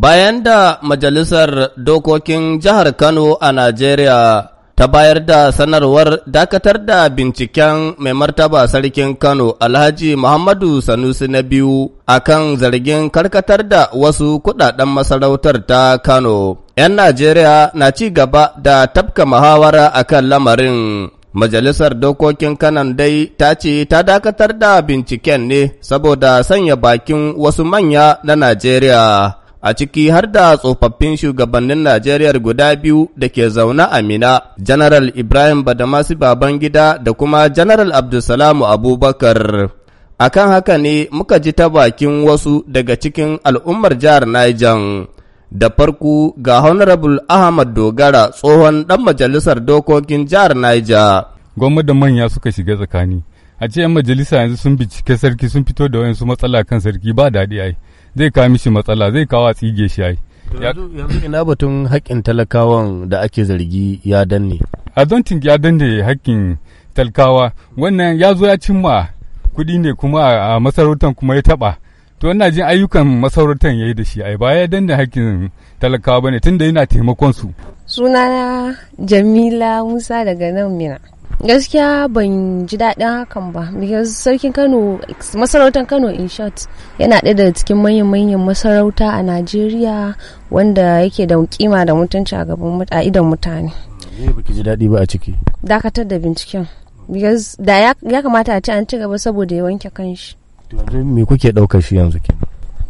Bayan da Majalisar Dokokin Jihar Kano a Najeriya ta bayar da sanarwar dakatar da binciken mai martaba sarkin Kano Alhaji Muhammadu Sanusi na biyu a kan zargin karkatar da wasu kudaden masarautar ta Kano. 'Yan Najeriya na ci gaba da tafka muhawara a kan lamarin. Majalisar Dokokin Kanan dai ta ce ta dakatar da binciken ne saboda sanya bakin wasu manya na Najeriya. a ciki har da tsofaffin shugabannin Najeriya guda biyu da ke zaune a Mina, General Ibrahim Badamasi Babangida da kuma General Abdulsalamu Abubakar. Akan haka ne muka ji ta bakin wasu daga cikin al'ummar jihar Niger. Da farko ga Honorable Ahmad Dogara tsohon ɗan majalisar dokokin jihar Niger. Gwamnati da manya suka shiga tsakani. A ce majalisa yanzu sun bincike sarki sun fito da wayansu matsala kan sarki ba daɗi ai. zai kawo mishi matsala zai kawo a tsige shi ai yanzu ina batun haƙƙin talakawan da ake zargi ya danne a don ya danne haƙƙin talakawa wannan ya zo ya cimma kuɗi ne kuma a masarautar kuma ya taɓa to ina jin ayyukan masarautar ya yi da shi ai ba ya danne haƙƙin talakawa ba ne tunda yana taimakon su sunana jamila musa daga nan mina gaskiya ban ji daɗin hakan ba because sarkin kano masarautar kano in short yana ɗaya daga cikin manyan manyan masarauta a najeriya wanda yake da kima da mutunci a gaban a idon mutane ji daɗi ba a ciki dakatar da binciken because da ya kamata a ci an ci gaba saboda ya wanke kanshi to me kuke ɗaukar shi yanzu kenan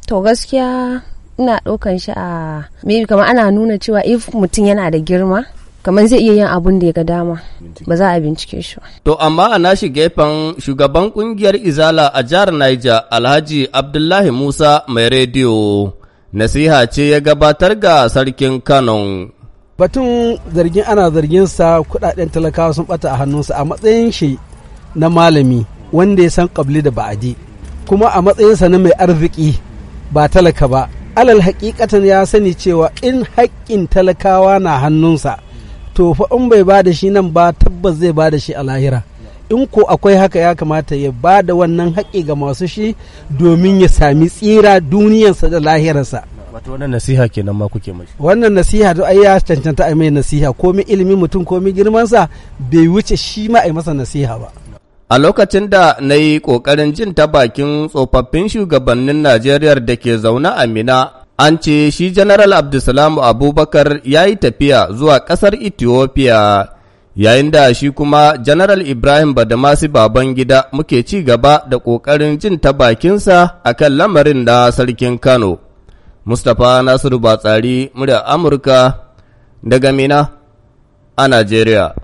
to gaskiya ina ɗaukan shi a maybe kamar ana nuna cewa if mutum yana da girma kamar zai iya yin abun da ya ga dama ba za a bincike shi ba. To amma a nashi gefen shugaban kungiyar Izala a jihar Niger Alhaji Abdullahi Musa mai rediyo nasiha ce ya gabatar ga sarkin Kano. Batun zargin ana zargin sa kudaden talakawa sun bata a hannunsa a matsayin shi na malami wanda ya san kabli da ba'adi kuma a matsayin sa na mai arziki ba talaka ba alal hakikatan ya sani cewa in hakkin talakawa na hannunsa to fa in bai bada shi nan ba tabbas zai bada shi a lahira in ko akwai haka ya kamata ya bada wannan haƙi ga masu shi domin ya sami tsira duniyarsa da lahirarsa wato wannan nasiha kenan ma kuke mai wannan nasiha to ai ya cancanta ai mai nasiha komi ilimi mutum komi girmansa bai wuce shi ma ai masa nasiha ba a lokacin da na yi ƙoƙarin jin ta bakin tsofaffin shugabannin najeriya da ke zaune a mina An ce shi General Abdulsalam Abubakar ya yi tafiya zuwa ƙasar Ethiopia, yayin da shi kuma General Ibrahim Badamasi gida muke ci gaba da ƙoƙarin jin ta bakinsa a kan lamarin na Sarkin Kano. Mustapha Nasiru Batsari, murya Amurka, daga Mina a nigeria.